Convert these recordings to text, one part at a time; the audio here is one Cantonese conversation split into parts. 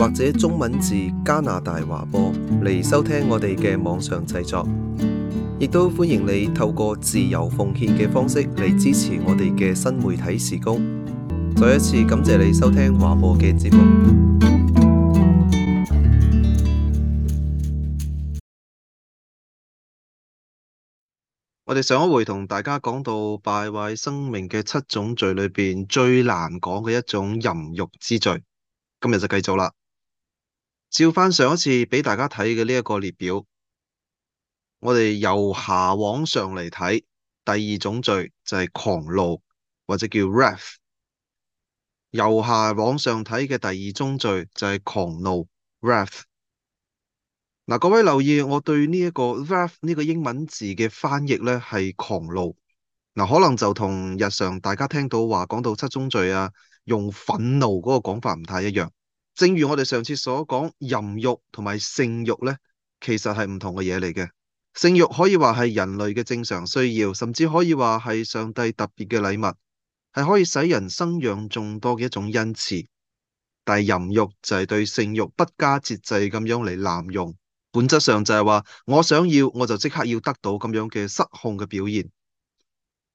或者中文字加拿大華播嚟，收聽我哋嘅網上製作，亦都歡迎你透過自由奉獻嘅方式嚟支持我哋嘅新媒體事工。再一次感謝你收聽華播嘅節目。我哋上一回同大家講到敗壞生命嘅七種罪裏邊最難講嘅一種淫慾之罪，今日就繼續啦。照翻上一次畀大家睇嘅呢一個列表，我哋由下往上嚟睇，第二種罪就係狂怒或者叫 wrath。由下往上睇嘅第二種罪就係狂怒 wrath。嗱、啊，各位留意，我對呢一個 wrath 呢個英文字嘅翻譯咧係狂怒。嗱、啊，可能就同日常大家聽到話講到七宗罪啊，用憤怒嗰個講法唔太一樣。正如我哋上次所講，淫慾同埋性欲呢，其實係唔同嘅嘢嚟嘅。性欲可以話係人類嘅正常需要，甚至可以話係上帝特別嘅禮物，係可以使人生養眾多嘅一種恩賜。但係淫慾就係對性欲不加節制咁樣嚟濫用，本質上就係話我想要我就即刻要得到咁樣嘅失控嘅表現。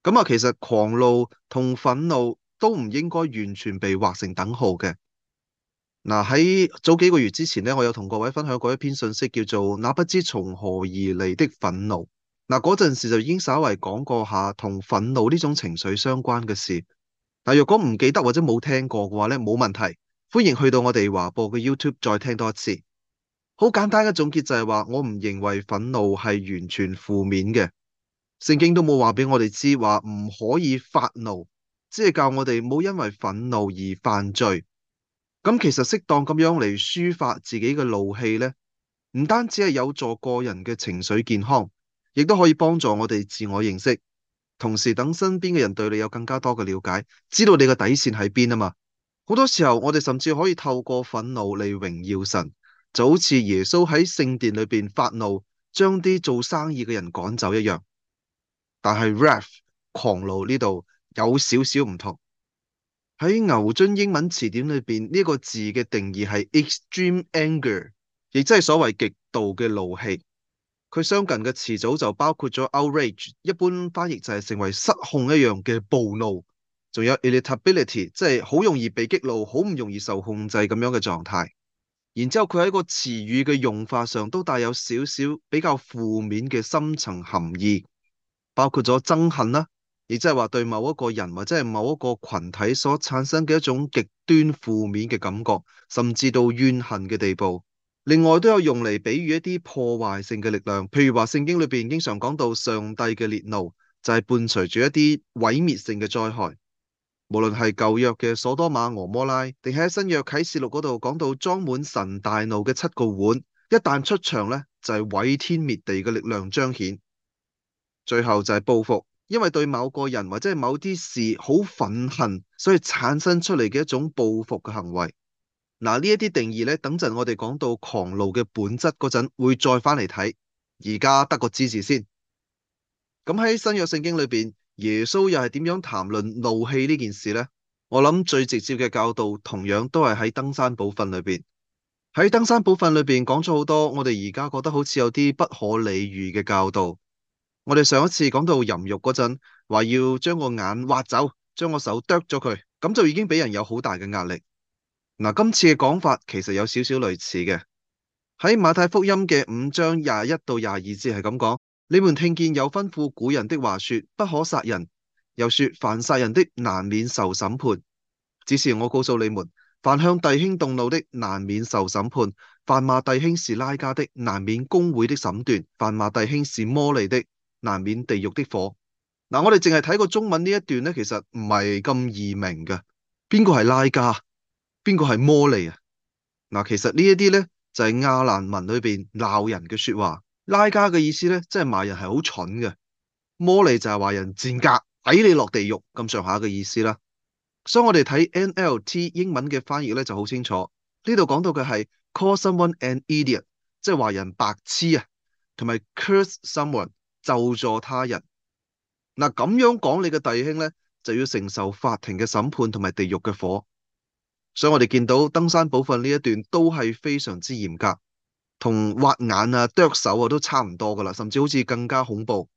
咁啊，其實狂怒同憤怒都唔應該完全被劃成等號嘅。嗱喺、啊、早幾個月之前呢，我有同各位分享過一篇信息，叫做《那不知從何而來的憤怒》。嗱嗰陣時就已經稍微講過下同憤怒呢種情緒相關嘅事。嗱、啊，若果唔記得或者冇聽過嘅話呢，冇問題，歡迎去到我哋華播嘅 YouTube 再聽多一次。好簡單嘅總結就係話，我唔認為憤怒係完全負面嘅。聖經都冇話俾我哋知話唔可以發怒，只係教我哋唔好因為憤怒而犯罪。咁其實適當咁樣嚟抒發自己嘅怒氣呢，唔單止係有助個人嘅情緒健康，亦都可以幫助我哋自我認識，同時等身邊嘅人對你有更加多嘅了解，知道你嘅底線喺邊啊嘛。好多時候我哋甚至可以透過憤怒嚟榮耀神，就好似耶穌喺聖殿裏邊發怒，將啲做生意嘅人趕走一樣。但係 rap 狂怒呢度有少少唔同。喺牛津英文詞典裏邊，呢、這個字嘅定義係 extreme anger，亦即係所謂極度嘅怒氣。佢相近嘅詞組就包括咗 outrage，一般翻譯就係成為失控一樣嘅暴怒。仲有 irritability，即係好容易被激怒，好唔容易受控制咁樣嘅狀態。然之後佢喺個詞語嘅用法上都帶有少少比較負面嘅深層含義，包括咗憎恨啦、啊。亦即係話對某一個人或者係某一個群體所產生嘅一種極端負面嘅感覺，甚至到怨恨嘅地步。另外都有用嚟比喻一啲破壞性嘅力量，譬如話聖經裏邊經常講到上帝嘅烈怒就係伴隨住一啲毀滅性嘅災害，無論係舊約嘅所多瑪、俄摩拉，定喺新約啟示錄嗰度講到裝滿神大怒嘅七個碗，一旦出場呢，就係毀天滅地嘅力量彰顯。最後就係報復。因為對某個人或者某啲事好憤恨，所以產生出嚟嘅一種報復嘅行為。嗱，呢一啲定義咧，等陣我哋講到狂怒嘅本質嗰陣會再翻嚟睇。而家得個支持先。咁喺新約聖經裏邊，耶穌又係點樣談論怒氣呢件事呢？我諗最直接嘅教導，同樣都係喺登山寶訓裏邊。喺登山寶訓裏邊講咗好多，我哋而家覺得好似有啲不可理喻嘅教導。我哋上一次講到淫慾嗰陣，話要將個眼挖走，將個手剁咗佢，咁就已經畀人有好大嘅壓力。嗱，今次嘅講法其實有少少類似嘅，喺馬太福音嘅五章廿一到廿二節係咁講：你們聽見有吩咐古人的話說不可殺人，又說凡殺人的難免受審判。只是我告訴你們，凡向弟兄動怒的難免受審判；凡罵弟兄是拉加的難免公會的審斷；凡罵弟兄是魔利的，難免地獄的火。嗱，我哋淨係睇過中文呢一段咧，其實唔係咁易明嘅。邊個係拉加？邊個係摩利啊？嗱，其實呢一啲咧就係、是、亞蘭文裏邊鬧人嘅説話。拉加嘅意思咧，即係罵人係好蠢嘅。摩利就係話人賤格，抵你落地獄咁上下嘅意思啦。所以我哋睇 NLT 英文嘅翻譯咧就好清楚。呢度講到嘅係 call someone an idiot，即係話人白痴啊，同埋 curse someone。救助他人，嗱咁樣講，你嘅弟兄咧就要承受法庭嘅審判同埋地獄嘅火。所以我哋見到登山寶訓呢一段都係非常之嚴格，同挖眼啊、剁手啊，都差唔多噶啦，甚至好似更加恐怖。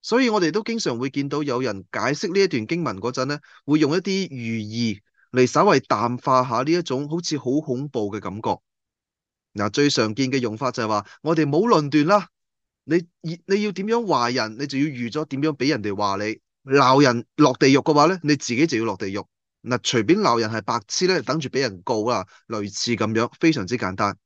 所以我哋都經常會見到有人解釋呢一段經文嗰陣咧，會用一啲寓意嚟，稍為淡化下呢一種好似好恐怖嘅感覺。嗱，最常見嘅用法就係話我哋冇論斷啦。你要你要點樣話人，你就要預咗點樣俾人哋話你鬧人落地獄嘅話咧，你自己就要落地獄。嗱，隨便鬧人係白痴咧，等住俾人告啦，類似咁樣，非常之簡單。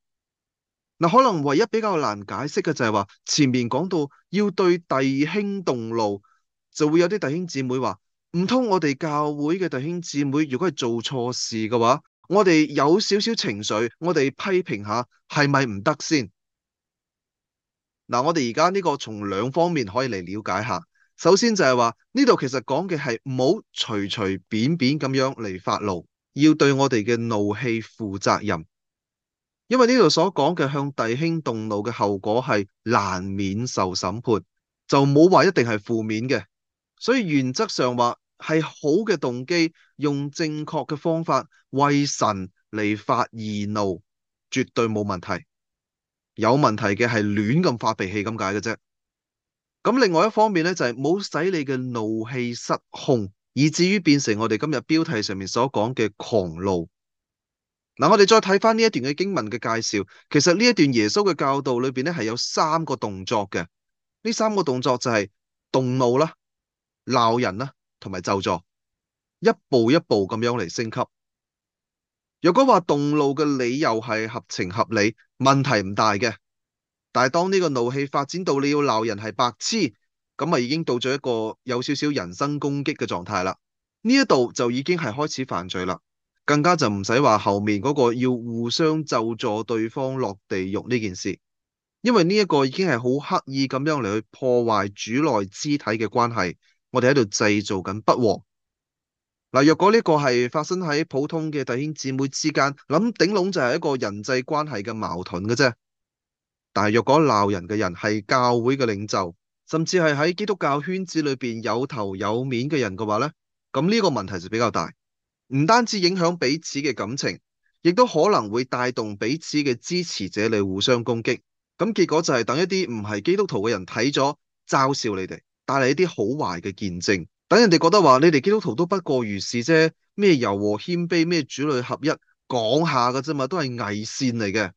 嗱，可能唯一比較難解釋嘅就係話前面講到要對弟兄動怒，就會有啲弟兄姊妹話唔通我哋教會嘅弟兄姊妹如果係做錯事嘅話，我哋有少少情緒，我哋批評下係咪唔得先？嗱，我哋而家呢個從兩方面可以嚟了解下。首先就係話呢度其實講嘅係唔好隨隨便便咁樣嚟發怒，要對我哋嘅怒氣負責任。因為呢度所講嘅向弟兄動怒嘅後果係難免受審判，就冇話一定係負面嘅。所以原則上話係好嘅動機，用正確嘅方法為神嚟發義怒，絕對冇問題。有問題嘅係亂咁發脾氣咁解嘅啫。咁另外一方面咧，就係、是、冇使你嘅怒氣失控，以至於變成我哋今日標題上面所講嘅狂怒。嗱，我哋再睇返呢一段嘅經文嘅介紹，其實呢一段耶穌嘅教導裏邊咧，係有三個動作嘅。呢三個動作就係動怒啦、鬧人啦、同埋咒詛，一步一步咁樣嚟升級。若果話動怒嘅理由係合情合理，問題唔大嘅。但係當呢個怒氣發展到你要鬧人係白痴，咁啊已經到咗一個有少少人身攻擊嘅狀態啦。呢一度就已經係開始犯罪啦，更加就唔使話後面嗰個要互相咒詛對方落地獄呢件事，因為呢一個已經係好刻意咁樣嚟去破壞主內肢體嘅關係，我哋喺度製造緊不和。若果呢個係發生喺普通嘅弟兄姊妹之間，諗頂籠就係一個人際關係嘅矛盾嘅啫。但係若果鬧人嘅人係教會嘅領袖，甚至係喺基督教圈子裏邊有頭有面嘅人嘅話呢，咁呢個問題就比較大，唔單止影響彼此嘅感情，亦都可能會帶動彼此嘅支持者嚟，互相攻擊。咁結果就係等一啲唔係基督徒嘅人睇咗，嘲笑你哋，帶嚟一啲好壞嘅見證。等人哋覺得話你哋基督徒都不過如是啫，咩柔和謙卑，咩主僕合一，講下嘅啫嘛，都係偽善嚟嘅。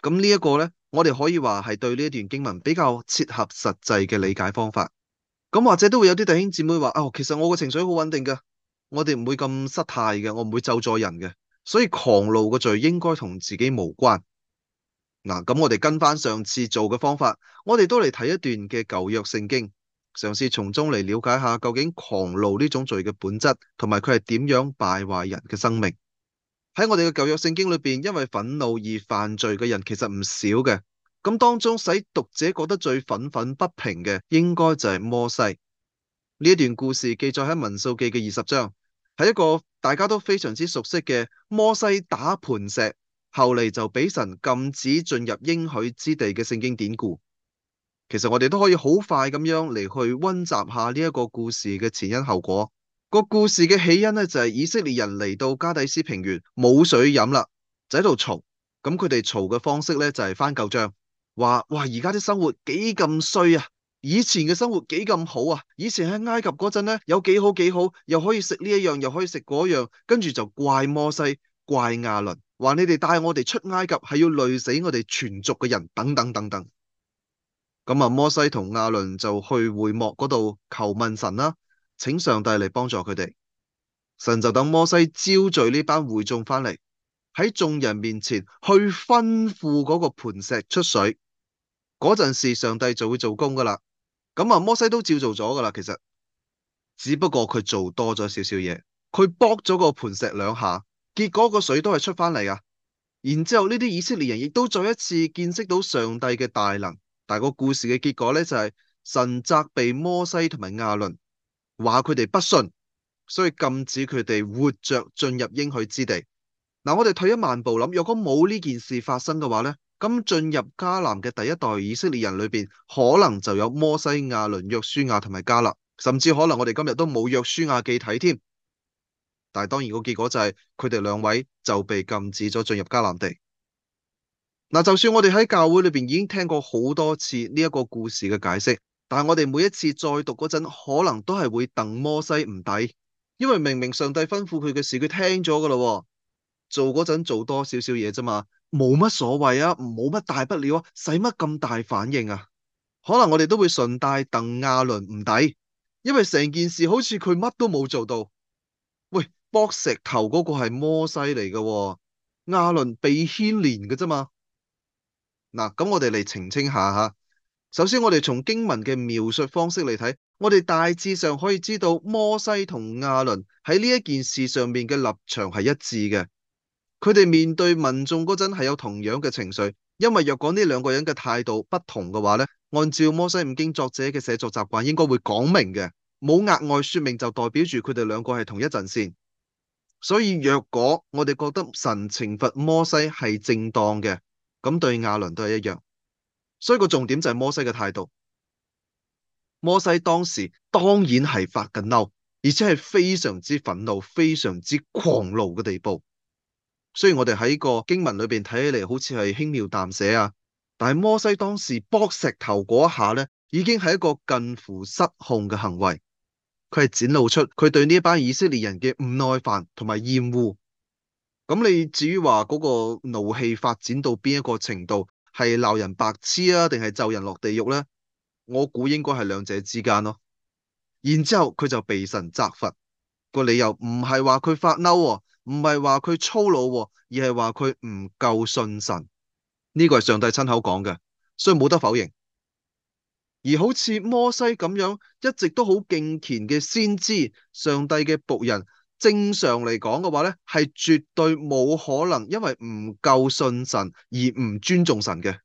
咁呢一個咧，我哋可以話係對呢一段經文比較切合實際嘅理解方法。咁或者都會有啲弟兄姊妹話啊、哦，其實我嘅情緒好穩定嘅，我哋唔會咁失態嘅，我唔會咒詛人嘅，所以狂怒嘅罪應該同自己無關。嗱，咁我哋跟翻上次做嘅方法，我哋都嚟睇一段嘅舊約聖經。嘗試從中嚟了解下究竟狂怒呢種罪嘅本質，同埋佢係點樣敗壞人嘅生命？喺我哋嘅舊約聖經裏邊，因為憤怒而犯罪嘅人其實唔少嘅。咁當中使讀者覺得最忿忿不平嘅，應該就係摩西呢一段故事，記載喺民數記嘅二十章，係一個大家都非常之熟悉嘅摩西打磐石，後嚟就俾神禁止進入應許之地嘅聖經典故。其實我哋都可以好快咁樣嚟去溫習下呢一個故事嘅前因後果。個故事嘅起因咧就係、是、以色列人嚟到加底斯平原冇水飲啦，就喺度嘈。咁佢哋嘈嘅方式咧就係、是、翻舊賬，話哇而家啲生活幾咁衰啊，以前嘅生活幾咁好啊，以前喺埃及嗰陣咧有幾好幾好，又可以食呢一樣，又可以食嗰樣，跟住就怪摩西、怪亞倫，話你哋帶我哋出埃及係要累死我哋全族嘅人，等等等等。咁啊，摩西同亞倫就去會幕嗰度求問神啦，啊，請上帝嚟幫助佢哋。神就等摩西招聚呢班會眾翻嚟，喺眾人面前去吩咐嗰個磐石出水。嗰陣時，上帝就會做工噶啦。咁啊，摩西都照做咗噶啦。其實只不過佢做多咗少少嘢，佢撲咗個磐石兩下，結果個水都係出翻嚟啊。然之後呢啲以色列人亦都再一次見識到上帝嘅大能。但個故事嘅結果咧，就係、是、神責備摩西同埋亞倫，話佢哋不信，所以禁止佢哋活着進入應許之地。嗱、嗯，我哋退一萬步諗，若果冇呢件事發生嘅話咧，咁進入迦南嘅第一代以色列人裏邊，可能就有摩西、亞倫、約書亞同埋迦勒，甚至可能我哋今日都冇約書亞記睇添。但係當然個結果就係佢哋兩位就被禁止咗進入迦南地。嗱，就算我哋喺教會裏邊已經聽過好多次呢一個故事嘅解釋，但係我哋每一次再讀嗰陣，可能都係會戥摩西唔抵，因為明明上帝吩咐佢嘅事，佢聽咗噶啦，做嗰陣做多少少嘢啫嘛，冇乜所謂啊，冇乜大不了啊，使乜咁大反應啊？可能我哋都會順帶戥亞倫唔抵，因為成件事好似佢乜都冇做到。喂，博石頭嗰個係摩西嚟噶喎，亞倫被牽連嘅啫嘛。嗱，咁我哋嚟澄清下吓。首先，我哋從經文嘅描述方式嚟睇，我哋大致上可以知道摩西同亞倫喺呢一件事上面嘅立場係一致嘅。佢哋面對民眾嗰陣係有同樣嘅情緒，因為若果呢兩個人嘅態度不同嘅話咧，按照摩西五經作者嘅寫作習慣，應該會講明嘅，冇額外說明就代表住佢哋兩個係同一陣線。所以，若果我哋覺得神懲罰摩西係正當嘅。咁對亞倫都係一樣，所以個重點就係摩西嘅態度。摩西當時當然係發緊嬲，而且係非常之憤怒、非常之狂怒嘅地步。雖然我哋喺個經文裏邊睇起嚟好似係輕描淡寫啊，但係摩西當時剝石頭嗰一下咧，已經係一個近乎失控嘅行為。佢係展露出佢對呢班以色列人嘅唔耐煩同埋厭惡。咁你至於話嗰個怒氣發展到邊一個程度，係鬧人白痴啊，定係咒人落地獄咧？我估應該係兩者之間咯。然之後佢就被神責罰，個理由唔係話佢發嬲、啊，唔係話佢粗魯、啊，而係話佢唔夠信神。呢、這個係上帝親口講嘅，所以冇得否認。而好似摩西咁樣，一直都好敬虔嘅先知，上帝嘅僕人。正常嚟講嘅話咧，係絕對冇可能因為唔夠信神而唔尊重神嘅，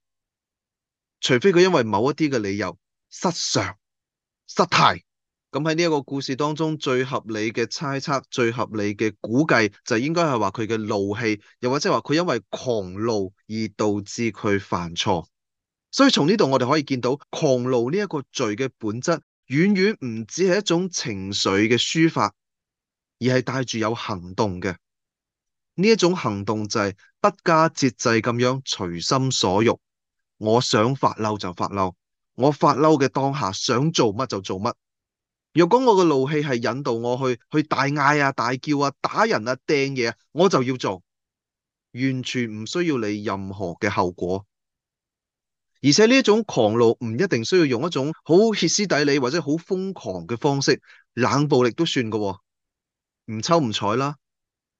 除非佢因為某一啲嘅理由失常失態。咁喺呢一個故事當中，最合理嘅猜測，最合理嘅估計就應該係話佢嘅怒氣，又或者話佢因為狂怒而導致佢犯錯。所以從呢度我哋可以見到狂怒呢一個罪嘅本質，遠遠唔只係一種情緒嘅抒發。而係帶住有行動嘅。呢一種行動就係不加節制咁樣隨心所欲，我想發嬲就發嬲，我發嬲嘅當下想做乜就做乜。若果我嘅怒氣係引導我去去大嗌啊、大叫啊、打人啊、掟嘢啊，我就要做，完全唔需要你任何嘅後果。而且呢一種狂怒唔一定需要用一種好歇斯底里或者好瘋狂嘅方式，冷暴力都算噶喎。唔抽唔睬啦，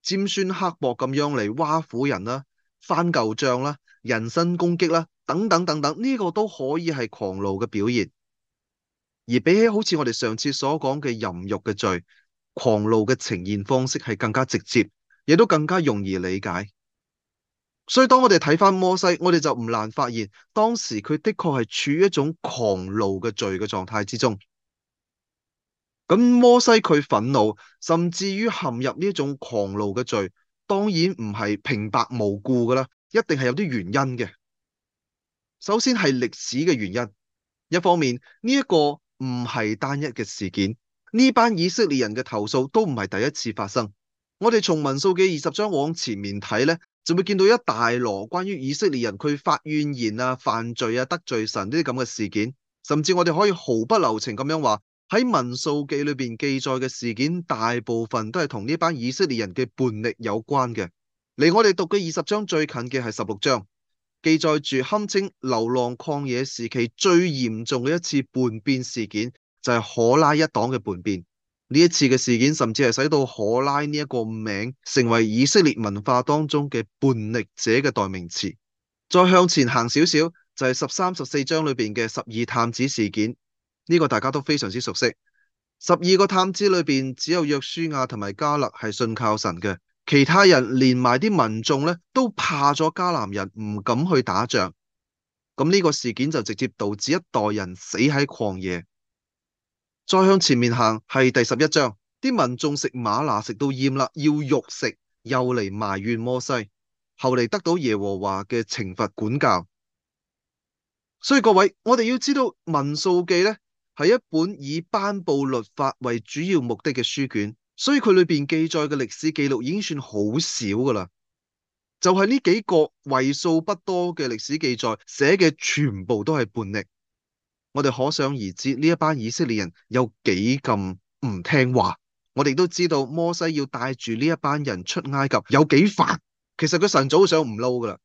尖酸刻薄咁樣嚟挖苦人啦，翻舊賬啦，人身攻擊啦，等等等等，呢個都可以係狂怒嘅表現。而比起好似我哋上次所講嘅淫慾嘅罪，狂怒嘅呈現方式係更加直接，亦都更加容易理解。所以當我哋睇翻摩西，我哋就唔難發現，當時佢的確係處於一種狂怒嘅罪嘅狀態之中。咁摩西佢憤怒，甚至於陷入呢一種狂怒嘅罪，當然唔係平白無故噶啦，一定係有啲原因嘅。首先係歷史嘅原因，一方面呢一個唔係單一嘅事件，呢班以色列人嘅投訴都唔係第一次發生。我哋從民數記二十章往前面睇呢，就會見到一大籮關於以色列人佢發怨言啊、犯罪啊、得罪神呢啲咁嘅事件，甚至我哋可以毫不留情咁樣話。喺《民數記》裏邊記載嘅事件，大部分都係同呢班以色列人嘅叛逆有關嘅。離我哋讀嘅二十章最近嘅係十六章，記載住堪稱流浪曠野時期最嚴重嘅一次叛變事件，就係可拉一黨嘅叛變。呢一次嘅事件，甚至係使到可拉呢一個名成為以色列文化當中嘅叛逆者嘅代名詞。再向前行少少，就係十三、十四章裏邊嘅十二探子事件。呢個大家都非常之熟悉，十二個探子裏邊只有約書亞同埋迦勒係信靠神嘅，其他人連埋啲民眾咧都怕咗迦南人，唔敢去打仗。咁呢個事件就直接導致一代人死喺曠野。再向前面行係第十一章，啲民眾食嗎哪，食到厭啦，要肉食又嚟埋怨摩西，後嚟得到耶和華嘅懲罰管教。所以各位，我哋要知道民數記呢。係一本以頒布律法為主要目的嘅書卷，所以佢裏邊記載嘅歷史記錄已經算好少噶啦。就係、是、呢幾個為數不多嘅歷史記載，寫嘅全部都係叛逆。我哋可想而知呢一班以色列人有幾咁唔聽話。我哋都知道摩西要帶住呢一班人出埃及有幾煩。其實佢晨早上唔撈噶啦，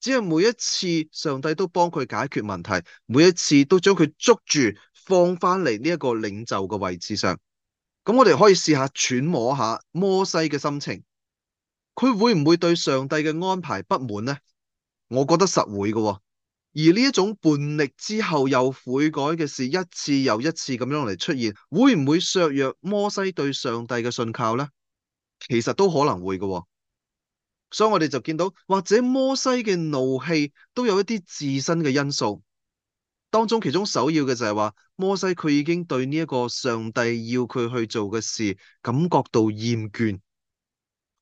只係每一次上帝都幫佢解決問題，每一次都將佢捉住。放翻嚟呢一個領袖嘅位置上，咁我哋可以試下揣摩下摩西嘅心情，佢會唔會對上帝嘅安排不滿呢？我覺得實會㗎喎，而呢一種叛逆之後又悔改嘅事，一次又一次咁樣嚟出現，會唔會削弱摩西對上帝嘅信靠呢？其實都可能會㗎喎，所以我哋就見到，或者摩西嘅怒氣都有一啲自身嘅因素。當中其中首要嘅就係話，摩西佢已經對呢一個上帝要佢去做嘅事感覺到厭倦，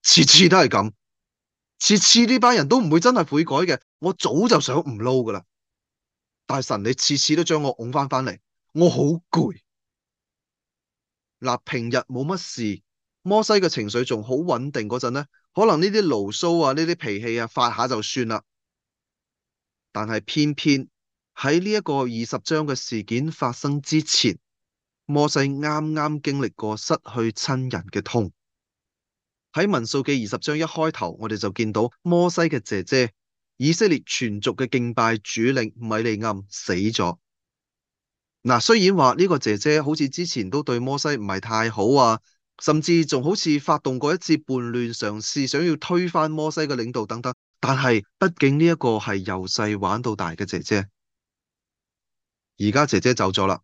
次次都係咁，次次呢班人都唔會真係悔改嘅。我早就想唔撈噶啦，大神你次次都將我掹翻翻嚟，我好攰。嗱，平日冇乜事，摩西嘅情緒仲好穩定嗰陣咧，可能呢啲牢騷啊、呢啲脾氣啊發下就算啦。但係偏偏。喺呢一個二十章嘅事件發生之前，摩西啱啱經歷過失去親人嘅痛。喺民數記二十章一開頭，我哋就見到摩西嘅姐姐、以色列全族嘅敬拜主領米利暗死咗。嗱，雖然話呢、呢個姐姐好似之前都對摩西唔係太好啊，甚至仲好似發動過一次叛亂嘗試，想要推翻摩西嘅領導等等。但係畢竟呢一個係由細玩到大嘅姐姐。而家姐姐走咗啦，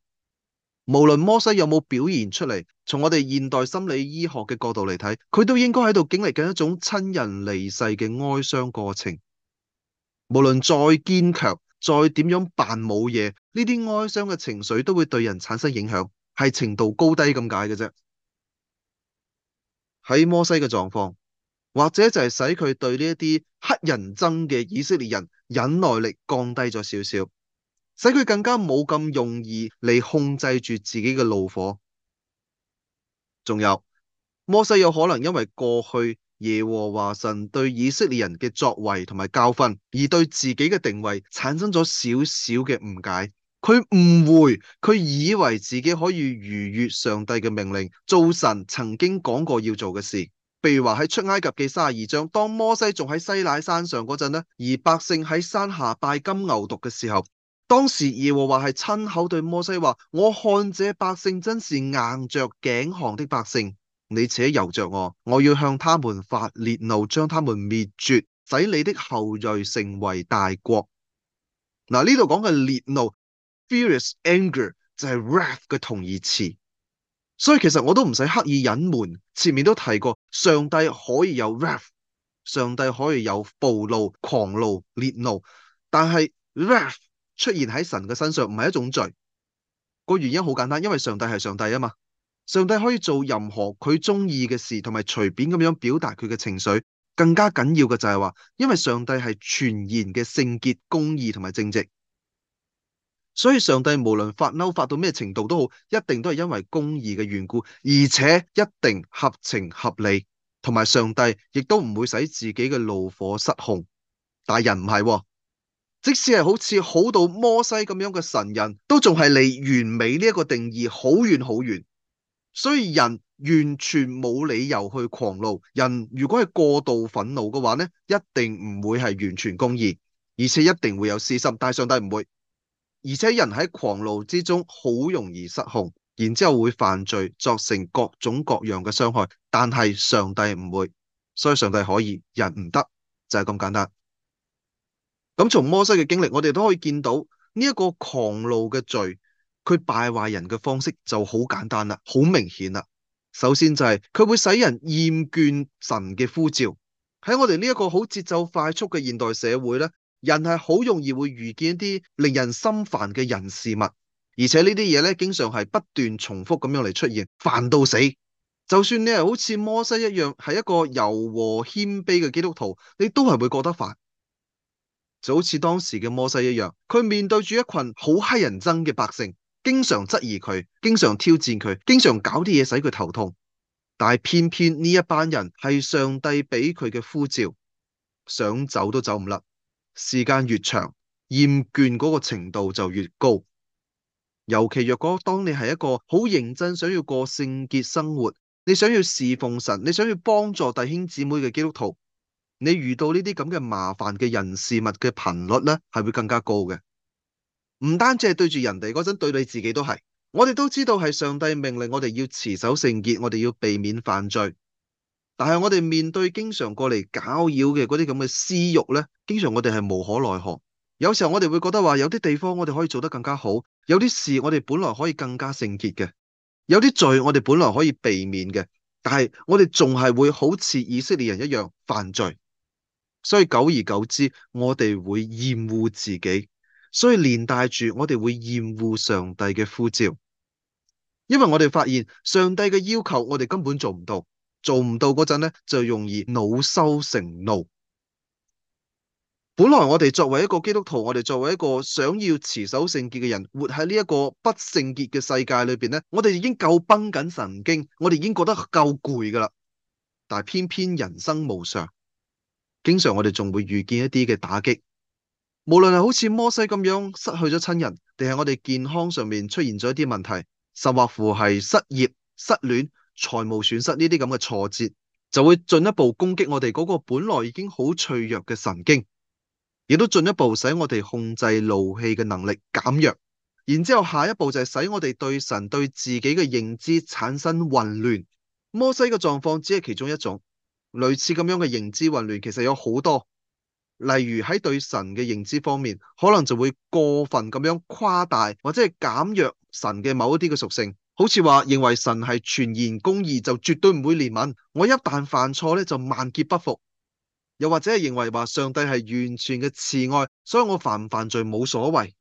無論摩西有冇表現出嚟，從我哋現代心理醫學嘅角度嚟睇，佢都應該喺度經歷緊一種親人離世嘅哀傷過程。無論再堅強，再點樣扮冇嘢，呢啲哀傷嘅情緒都會對人產生影響，係程度高低咁解嘅啫。喺摩西嘅狀況，或者就係使佢對呢一啲乞人憎嘅以色列人忍耐力降低咗少少。使佢更加冇咁容易嚟控制住自己嘅怒火。仲有摩西有可能因為過去耶和華神對以色列人嘅作為同埋教訓，而對自己嘅定位產生咗少少嘅誤解。佢誤會，佢以為自己可以逾越上帝嘅命令，做神曾經講過要做嘅事。譬如話喺出埃及記三十二章，當摩西仲喺西乃山上嗰陣咧，而百姓喺山下拜金牛犢嘅時候。當時耶和華係親口對摩西話：我看這百姓真是硬着頸項的百姓，你且由着我，我要向他們發烈怒，將他們滅絕，使你的後裔成為大國。嗱、啊，呢度講嘅烈怒 （furious anger） 就係、是、wrath 嘅同義詞，所以其實我都唔使刻意隱瞞，前面都提過，上帝可以有 wrath，上帝可以有暴怒、狂怒、烈怒，但係 wrath 出現喺神嘅身上唔係一種罪，個原因好簡單，因為上帝係上帝啊嘛，上帝可以做任何佢中意嘅事，同埋隨便咁樣表達佢嘅情緒。更加緊要嘅就係話，因為上帝係全然嘅聖潔、公義同埋正直，所以上帝無論發嬲發到咩程度都好，一定都係因為公義嘅緣故，而且一定合情合理，同埋上帝亦都唔會使自己嘅怒火失控。但人唔係，哦。即使係好似好到摩西咁樣嘅神人，都仲係離完美呢一個定義好遠好遠。所以人完全冇理由去狂怒。人如果係過度憤怒嘅話咧，一定唔會係完全公義，而且一定會有私心。但係上帝唔會，而且人喺狂怒之中好容易失控，然之後會犯罪，作成各種各樣嘅傷害。但係上帝唔會，所以上帝可以，人唔得就係咁簡單。咁從摩西嘅經歷，我哋都可以見到呢一個狂怒嘅罪，佢敗壞人嘅方式就好簡單啦，好明顯啦。首先就係佢會使人厭倦神嘅呼召。喺我哋呢一個好節奏快速嘅現代社會咧，人係好容易會遇見一啲令人心煩嘅人事物，而且呢啲嘢咧經常係不斷重複咁樣嚟出現，煩到死。就算你係好似摩西一樣，係一個柔和謙卑嘅基督徒，你都係會覺得煩。就好似當時嘅摩西一樣，佢面對住一群好乞人憎嘅百姓，經常質疑佢，經常挑戰佢，經常搞啲嘢使佢頭痛。但係偏偏呢一班人係上帝畀佢嘅呼召，想走都走唔甩。時間越長，厭倦嗰個程度就越高。尤其若果當你係一個好認真想要過聖潔生活，你想要侍奉神，你想要幫助弟兄姊妹嘅基督徒。你遇到呢啲咁嘅麻煩嘅人事物嘅頻率咧，係會更加高嘅。唔單止係對住人哋，嗰陣對你自己都係。我哋都知道係上帝命令我哋要持守聖潔，我哋要避免犯罪。但係我哋面對經常過嚟攪擾嘅嗰啲咁嘅私欲咧，經常我哋係無可奈何。有時候我哋會覺得話，有啲地方我哋可以做得更加好，有啲事我哋本來可以更加聖潔嘅，有啲罪我哋本來可以避免嘅，但係我哋仲係會好似以色列人一樣犯罪。所以久而久之，我哋會厭惡自己，所以連帶住我哋會厭惡上帝嘅呼召，因為我哋發現上帝嘅要求，我哋根本做唔到，做唔到嗰陣咧就容易惱羞成怒。本來我哋作為一個基督徒，我哋作為一個想要持守聖潔嘅人，活喺呢一個不聖潔嘅世界裏邊咧，我哋已經夠繃緊神經，我哋已經覺得夠攰㗎喇。但係偏偏人生無常。經常我哋仲會遇見一啲嘅打擊，無論係好似摩西咁樣失去咗親人，定係我哋健康上面出現咗一啲問題，甚或乎係失業、失戀、財務損失呢啲咁嘅挫折，就會進一步攻擊我哋嗰個本來已經好脆弱嘅神經，亦都進一步使我哋控制怒氣嘅能力減弱。然之後下一步就係使我哋對神、對自己嘅認知產生混亂。摩西嘅狀況只係其中一種。類似咁樣嘅認知混亂，其實有好多，例如喺對神嘅認知方面，可能就會過分咁樣誇大或者係減弱神嘅某一啲嘅屬性，好似話認為神係全然公義，就絕對唔會憐憫，我一旦犯錯咧，就萬劫不復，又或者係認為話上帝係完全嘅慈愛，所以我犯唔犯罪冇所謂。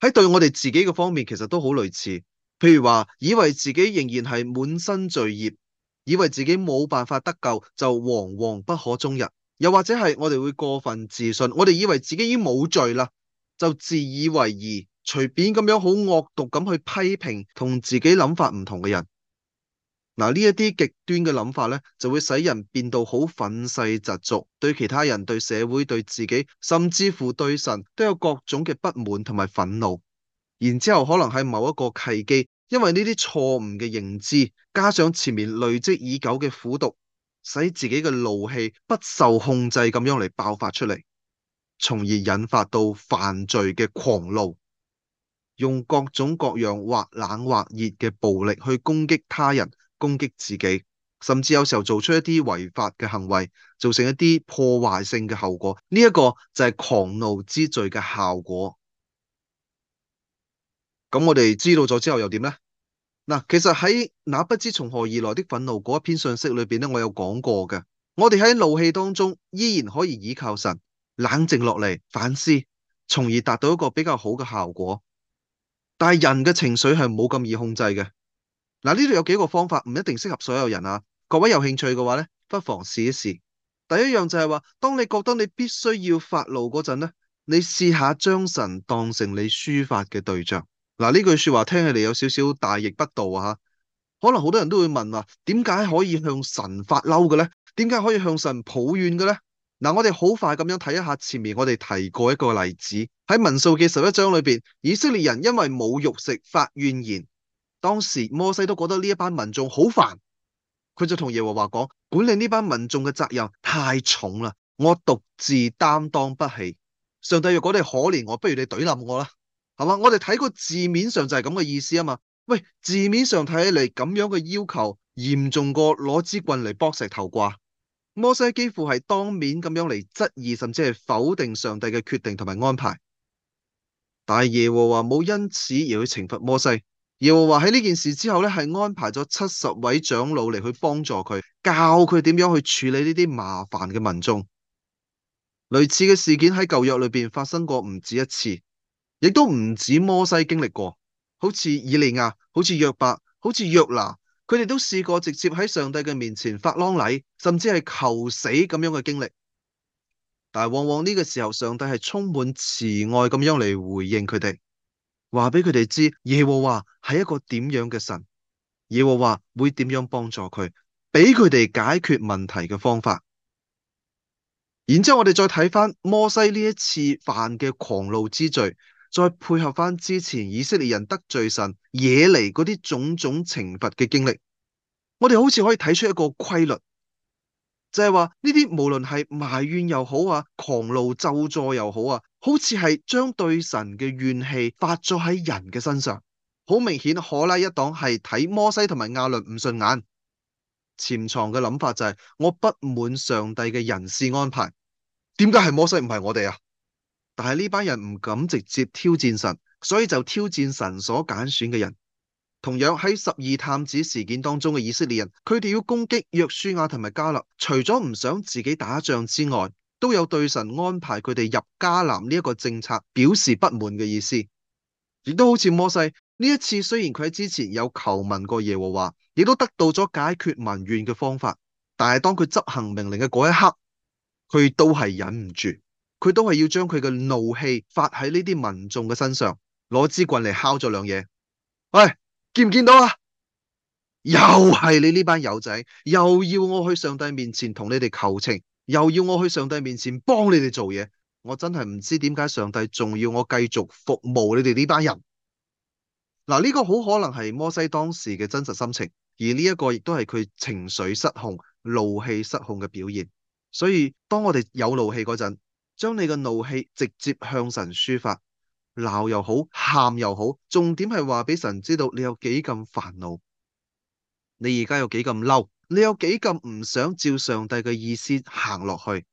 喺對我哋自己嘅方面，其實都好類似，譬如話以為自己仍然係滿身罪孽。以為自己冇辦法得救，就惶惶不可終日；又或者係我哋會過分自信，我哋以為自己已經冇罪啦，就自以為義，隨便咁樣好惡毒咁去批評同自己諗法唔同嘅人。嗱，呢一啲極端嘅諗法咧，就會使人變到好憤世嫉俗，對其他人、對社會、對自己，甚至乎對神都有各種嘅不滿同埋憤怒。然之後可能喺某一個契機。因為呢啲錯誤嘅認知，加上前面累積已久嘅苦毒，使自己嘅怒氣不受控制咁樣嚟爆發出嚟，從而引發到犯罪嘅狂怒，用各種各樣或冷或熱嘅暴力去攻擊他人、攻擊自己，甚至有時候做出一啲違法嘅行為，造成一啲破壞性嘅後果。呢、這、一個就係狂怒之罪嘅效果。咁我哋知道咗之後又點呢？嗱，其實喺那不知從何而來的憤怒嗰一篇信息裏邊咧，我有講過嘅。我哋喺怒氣當中依然可以倚靠神，冷靜落嚟反思，從而達到一個比較好嘅效果。但係人嘅情緒係冇咁易控制嘅。嗱，呢度有幾個方法，唔一定適合所有人啊。各位有興趣嘅話咧，不妨試一試。第一樣就係話，當你覺得你必須要發怒嗰陣咧，你試下將神當成你抒發嘅對象。嗱，呢句說話聽起嚟有少少大逆不道啊！可能好多人都會問話：點解可以向神發嬲嘅咧？點解可以向神抱怨嘅咧？嗱，我哋好快咁樣睇一下前面我哋提過一個例子，喺民數記十一章裏邊，以色列人因為冇肉食發怨言，當時摩西都覺得呢一班民眾好煩，佢就同耶和華講：管理呢班民眾嘅責任太重啦，我獨自擔當不起。上帝若果你可憐我，不如你懟冧我啦。係嘛？我哋睇個字面上就係咁嘅意思啊嘛。喂，字面上睇起嚟咁樣嘅要求，嚴重過攞支棍嚟剝石頭啩。摩西幾乎係當面咁樣嚟質疑，甚至係否定上帝嘅決定同埋安排。但係耶和華冇因此而去懲罰摩西，耶和華喺呢件事之後咧，係安排咗七十位長老嚟去幫助佢，教佢點樣去處理呢啲麻煩嘅民眾。類似嘅事件喺舊約裏邊發生過唔止一次。亦都唔止摩西經歷過，好似以利亞、好似約伯、好似約拿，佢哋都試過直接喺上帝嘅面前發啷厲，甚至係求死咁樣嘅經歷。但係往往呢個時候，上帝係充滿慈愛咁樣嚟回應佢哋，話俾佢哋知耶和華係一個點樣嘅神，耶和華會點樣幫助佢，俾佢哋解決問題嘅方法。然之後我哋再睇翻摩西呢一次犯嘅狂怒之罪。再配合翻之前以色列人得罪神、惹嚟嗰啲種種懲罰嘅經歷，我哋好似可以睇出一個規律，就係話呢啲無論係埋怨又好啊、狂怒咒詛又好啊，好似係將對神嘅怨氣發咗喺人嘅身上。好明顯，可拉一黨係睇摩西同埋亞倫唔順眼，潛藏嘅諗法就係、是、我不滿上帝嘅人事安排，點解係摩西唔係我哋啊？但係呢班人唔敢直接挑戰神，所以就挑戰神所揀選嘅人。同樣喺十二探子事件當中嘅以色列人，佢哋要攻擊約書亞同埋迦勒，除咗唔想自己打仗之外，都有對神安排佢哋入迦南呢一個政策表示不滿嘅意思。亦都好似摩西呢一次，雖然佢喺之前有求問過耶和華，亦都得到咗解決民怨嘅方法，但係當佢執行命令嘅嗰一刻，佢都係忍唔住。佢都係要將佢嘅怒氣發喺呢啲民眾嘅身上，攞支棍嚟敲咗兩嘢。喂，見唔見到啊？又係你呢班友仔，又要我去上帝面前同你哋求情，又要我去上帝面前幫你哋做嘢。我真係唔知點解上帝仲要我繼續服務你哋呢班人。嗱，呢個好可能係摩西當時嘅真實心情，而呢一個亦都係佢情緒失控、怒氣失控嘅表現。所以當我哋有怒氣嗰陣，將你嘅怒氣直接向神抒發，鬧又好，喊又好，重點係話俾神知道你有幾咁煩惱，你而家有幾咁嬲，你有幾咁唔想照上帝嘅意思行落去，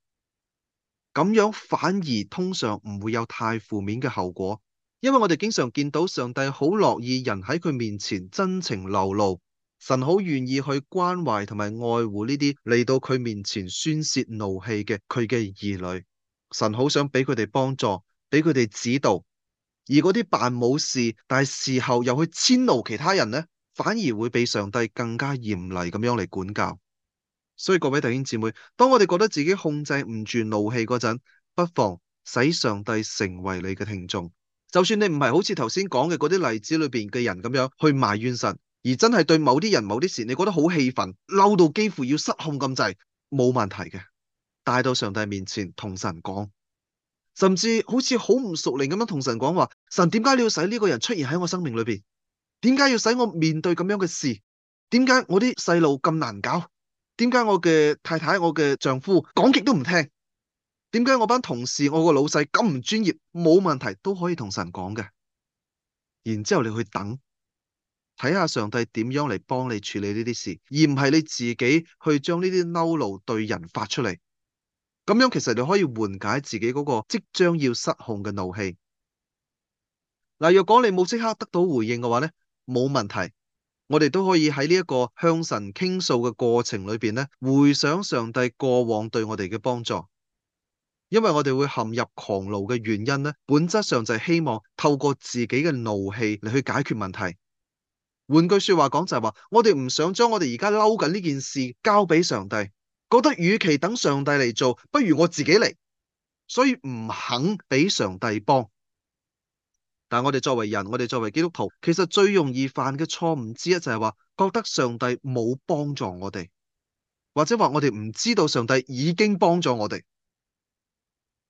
咁樣反而通常唔會有太負面嘅後果，因為我哋經常見到上帝好樂意人喺佢面前真情流露，神好願意去關懷同埋愛護呢啲嚟到佢面前宣泄怒氣嘅佢嘅兒女。神好想俾佢哋幫助，俾佢哋指導，而嗰啲辦冇事，但係事後又去遷怒其他人咧，反而會俾上帝更加嚴厲咁樣嚟管教。所以各位弟兄姊妹，當我哋覺得自己控制唔住怒氣嗰陣，不妨使上帝成為你嘅聽眾。就算你唔係好似頭先講嘅嗰啲例子裏邊嘅人咁樣去埋怨神，而真係對某啲人、某啲事，你覺得好氣憤、嬲到幾乎要失控咁滯，冇問題嘅。帶到上帝面前同神講，甚至好似好唔熟練咁樣同神講話。神，點解你要使呢個人出現喺我生命裏邊？點解要使我面對咁樣嘅事？點解我啲細路咁難搞？點解我嘅太太、我嘅丈夫講極都唔聽？點解我班同事、我個老細咁唔專業？冇問題都可以同神講嘅。然之後你去等，睇下上帝點樣嚟幫你處理呢啲事，而唔係你自己去將呢啲嬲怒，對人發出嚟。咁樣其實你可以緩解自己嗰個即將要失控嘅怒氣。嗱，若果你冇即刻得到回應嘅話咧，冇問題，我哋都可以喺呢一個向神傾訴嘅過程裏邊咧，回想上帝過往對我哋嘅幫助。因為我哋會陷入狂怒嘅原因咧，本質上就係希望透過自己嘅怒氣嚟去解決問題。換句說話講就係話，我哋唔想將我哋而家嬲緊呢件事交俾上帝。覺得與其等上帝嚟，做，不如我自己嚟，所以唔肯俾上帝幫。但我哋作為人，我哋作為基督徒，其實最容易犯嘅錯誤之一就係話，覺得上帝冇幫助我哋，或者話我哋唔知道上帝已經幫助我哋。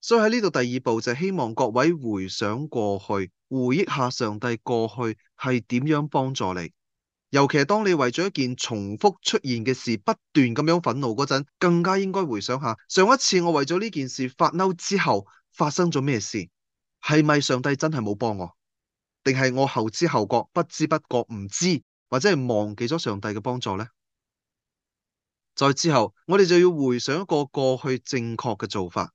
所以喺呢度第二步就係希望各位回想過去，回憶下上帝過去係點樣幫助你。尤其係當你為咗一件重複出現嘅事不斷咁樣憤怒嗰陣，更加應該回想下上一次我為咗呢件事發嬲之後發生咗咩事？係咪上帝真係冇幫我？定係我後知後覺、不知不覺不知、唔知或者係忘記咗上帝嘅幫助咧？再之後，我哋就要回想一個過去正確嘅做法。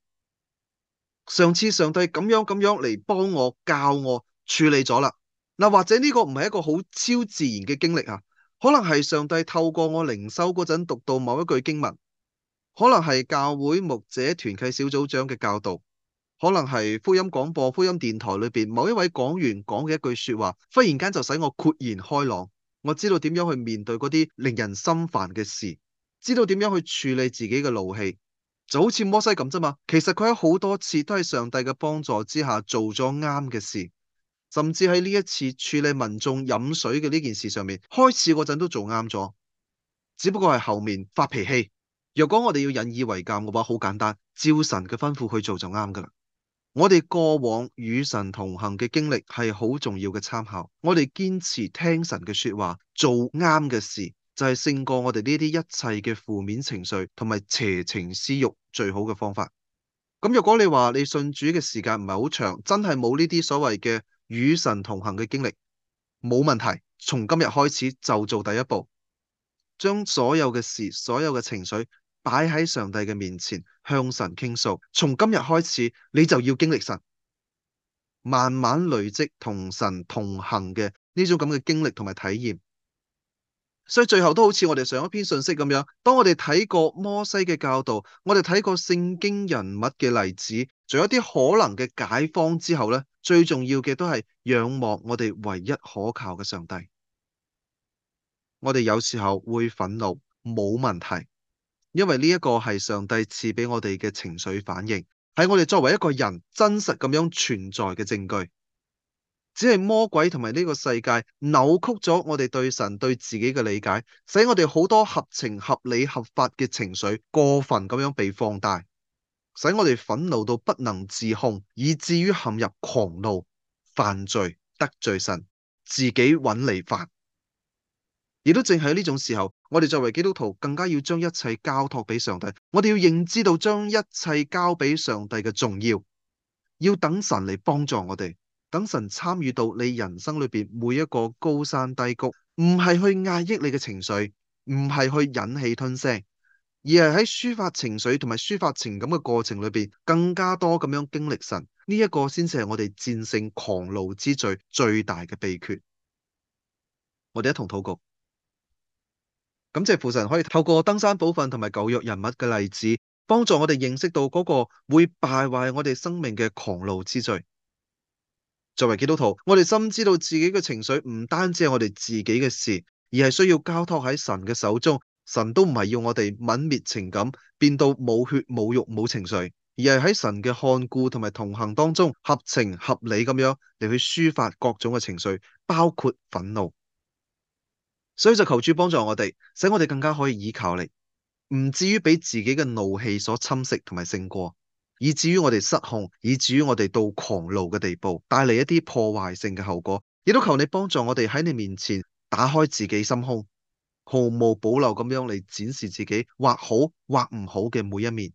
上次上帝咁樣咁樣嚟幫我教我處理咗啦。嗱，或者呢個唔係一個好超自然嘅經歷啊，可能係上帝透過我靈修嗰陣讀到某一句經文，可能係教會牧者團契小組長嘅教導，可能係福音廣播、福音電台裏邊某一位講員講嘅一句說話，忽然間就使我豁然開朗，我知道點樣去面對嗰啲令人心煩嘅事，知道點樣去處理自己嘅怒氣，就好似摩西咁啫嘛。其實佢喺好多次都係上帝嘅幫助之下做咗啱嘅事。甚至喺呢一次處理民眾飲水嘅呢件事上面，開始嗰陣都做啱咗，只不過係後面發脾氣。若果我哋要引以為鑑嘅話，好簡單，照神嘅吩咐去做就啱㗎喇。我哋過往與神同行嘅經歷係好重要嘅參考。我哋堅持聽神嘅説話，做啱嘅事，就係勝過我哋呢啲一切嘅負面情緒同埋邪情私欲最好嘅方法。咁若果你話你信主嘅時間唔係好長，真係冇呢啲所謂嘅與神同行嘅經歷冇問題，從今日開始就做第一步，將所有嘅事、所有嘅情緒擺喺上帝嘅面前，向神傾訴。從今日開始，你就要經歷神，慢慢累積同神同行嘅呢種咁嘅經歷同埋體驗。所以最後都好似我哋上一篇信息咁樣，當我哋睇過摩西嘅教導，我哋睇過聖經人物嘅例子，仲有啲可能嘅解方之後咧。最重要嘅都係仰望我哋唯一可靠嘅上帝。我哋有時候會憤怒，冇問題，因為呢一個係上帝賜俾我哋嘅情緒反應，係我哋作為一個人真實咁樣存在嘅證據。只係魔鬼同埋呢個世界扭曲咗我哋對神、對自己嘅理解，使我哋好多合情合理合法嘅情緒過分咁樣被放大。使我哋憤怒到不能自控，以至於陷入狂怒、犯罪、得罪神，自己揾嚟煩。亦都正喺呢種時候，我哋作為基督徒更加要將一切交託俾上帝。我哋要認知到將一切交俾上帝嘅重要，要等神嚟幫助我哋，等神參與到你人生裏邊每一個高山低谷，唔係去壓抑你嘅情緒，唔係去忍氣吞聲。而係喺抒發情緒同埋抒發情感嘅過程裏邊，更加多咁樣經歷神呢一個，先至係我哋戰勝狂怒之罪最大嘅秘訣。我哋一同禱告。感謝父神可以透過登山寶訓同埋舊約人物嘅例子，幫助我哋認識到嗰個會敗壞我哋生命嘅狂怒之罪。作為基督徒，我哋深知道自己嘅情緒唔單止係我哋自己嘅事，而係需要交託喺神嘅手中。神都唔係要我哋泯滅情感，變到冇血冇肉冇情緒，而係喺神嘅看顧同埋同行當中，合情合理咁樣嚟去抒發各種嘅情緒，包括憤怒。所以就求主幫助我哋，使我哋更加可以倚靠你，唔至於俾自己嘅怒氣所侵蝕同埋勝過，以至於我哋失控，以至於我哋到狂怒嘅地步，帶嚟一啲破壞性嘅後果。亦都求你幫助我哋喺你面前打開自己心胸。毫無保留咁樣嚟，展示自己畫好畫唔好嘅每一面，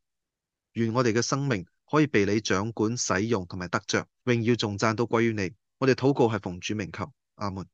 願我哋嘅生命可以被你掌管使用同埋得着榮耀，頌讚到歸於你。我哋禱告係奉主名求，阿門。